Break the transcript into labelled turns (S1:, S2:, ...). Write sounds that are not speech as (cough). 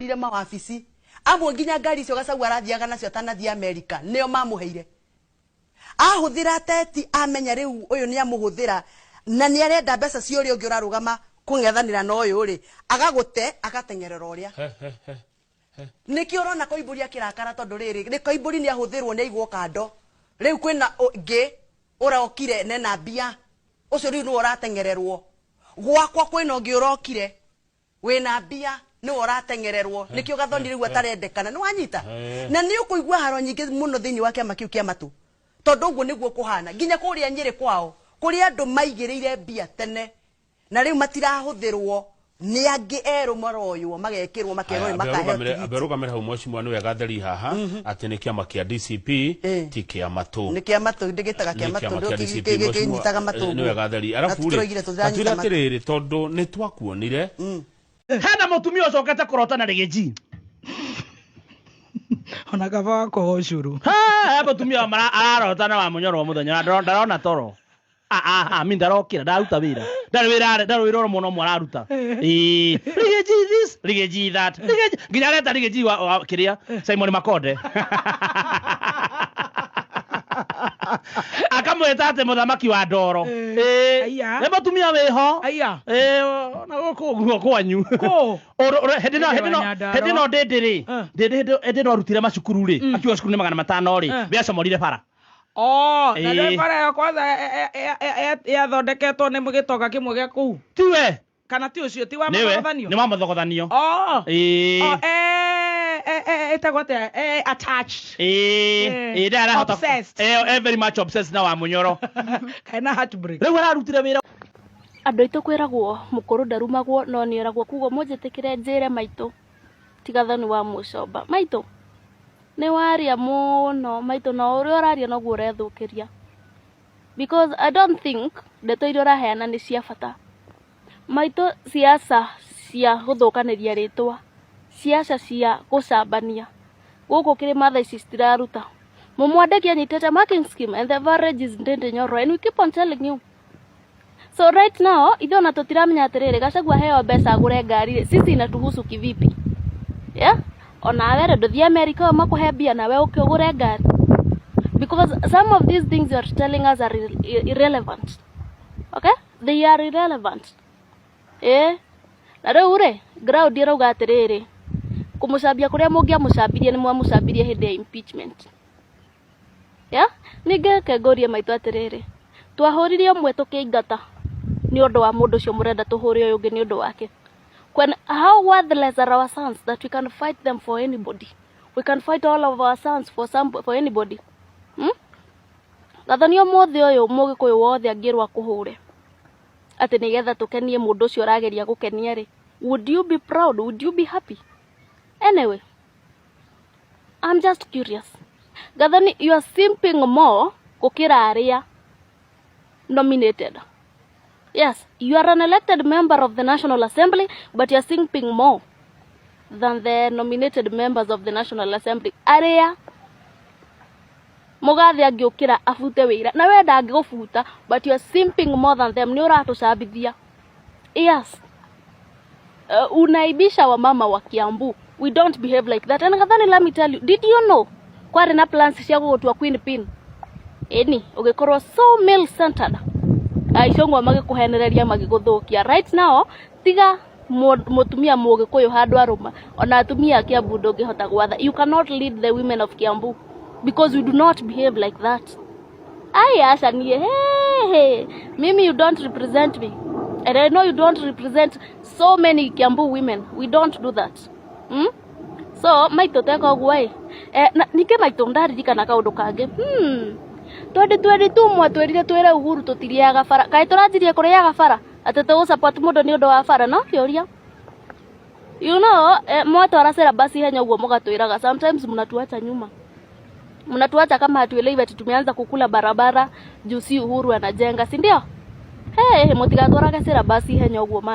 S1: rire mawabici amwe nginya ngari icio gacau arathiaga nacio atanathi amerika nĩo mamũheire ahũthĩra teti amenya rĩu ũyũ nĩ amũhũthĩra na nĩ arenda mbeca cia ũrĩa ũngĩ ũrarũgama kũng'ethanĩra na ũyũ rĩ agagũte agateng'erera ũrĩa nĩkĩo ũrona koimbũri akĩrakara tondũ rĩrĩ nĩ koimbũri nĩ ahũthĩrwo nĩ aigwo kando rĩu kwĩna ngĩ ũrokire nena mbia ũcio rĩu nĩwe ũrateng'ererwo gwakwa kwĩna ũngĩ ũrokire wĩna mbia nä we ratengererwo nä kä gathoni rä atarendekana nä wanyita na nä å kå igua haro nyingä må no thä inä wa kä ama kä u kä amatå tondå å kwao kå rä andå maigä tene na rä u matirahå thä rwo nä angä erå maroywo magekä rwo makerwo nä makaheamberå gamä re hau nä wega haha mhm. atä nä kä ama kä dcp ti kä amatå nä kä amatå ndä gä taga kä amatågä nyitaga matå nä wega theri arabu rä atwä re atä rä nä twakuonire mm hena mutumia ucokete kurotana rigici (laughs) ona kaba gakohwo curu tumia mutumia ararotana wa må muthenya ndarona toro ah, ah, ah, mi ra ndaruta wira ndarä wä ra må no mwe araruta nginya areta rigä ji kä rä a simon makonde (laughs) akamweta atä må wa ndoro nä må tumia wä ho na gå kå guo kwanyu hä ndä no ndä ndä rä ndä no arutire macukuru rä mm. akiuga cukuru nä magana matano rä wä acomorire bara Oh, na ndio bara ya kwanza yathondeketwo nä gätonga kä mwe gä a kå u tiwe kana ti å cio ti wa mathogothanio nä wa mathogothanio Eh, eh, eh, itakuwa eh, attached eh eh obsessed eh very much obsessed wa munyoro (laughs) kana heartbreak ararutire wĩra andå aitå kwä ragwo må kå rå ndarumagwo no nä oragwo koguo må njä tä kä re njä re maitå tigathani wa må comba maitå nä waria må no maitå no å rä a å raria noguo å rethå kä ria because i don't think ndeto iria å raheana nä cia bata maitå ciaca cia gå thå kanä ria rä twa ciaca cia gũcambania gũkũ kĩrĩma thaa ici citiraruta mumwadeki anyitete marking scheme and the average is ndende nyoro and we keep on telling you so right now ithe ona tutiramenya atiriri gacagua heo mbeca agure ngari sisi inatuhusu kivipi yeah ona onawe ri nduthie america yo makuhe mbia nawe ukiugure ngari because some of these things you are telling us are irrelevant okay they are irrelevant eh na riu ri ground irauga atiriri kumusabia kuria musabiria ni mwamucambirie hindi ya impeachment ya ni ningeke ngorie maitå atiriri twahurire umwe tukingata ni undu wa mundu ucio murenda tuhuri uyu ungi ni undu wake when how worthless are our sons that we can fight them for anybody we can fight all of our sons for some for anybody hmm? gathanio mothe uyu mugikuyu wothe angirwa kuhure ati nigetha tukenie mundu ucio arageria gukenia ri would you be proud would you be happy Anyway, I'm just curious. Gathani, you are simping more kukira aria nominated. Yes, you are an elected member of the National Assembly, but you are simping more than the nominated members of the National Assembly. Aria mugathe angiukira afute wira na wenda angigubuta but you are simping more than them ni uratucabithia yes uh, unaibisha wamama wa Kiambu. We don't behave like that. And kadhani let me tell you, did you know kwari na plans cia gugutwa queen pin eni ugikorwo so male centered aicongwa magikuhenereria magiguthukia right now tiga mutumia kuyo hadwa aruma ona atumia a Kiambu ndungihota gwatha you cannot lead the women of Kiambu because we do not behave like that aya aca nie hey, hey. mimi you don't represent me And I know you don't represent so many Kiambu women. We don't do that. Hmm? So, maito teko gwe. Eh, na, nike maito ndari jika na kaudu kage. Hmm. Twende twende tumwa twerire twere uhuru tutiriaga bara. Kai turanjirie kuriaga bara. Ati tu support mundu ni undu wa bara no kioria. You know, eh, mwa mwataracera basi henya uguo mugatwiraga. Sometimes mnatuacha nyuma mnatuacha kama hatuelewi ati tumeanza kukula barabara juu si uhuru anajenga, si ndio? he mũtigatwaraga cĩrabasi ihenya ũguo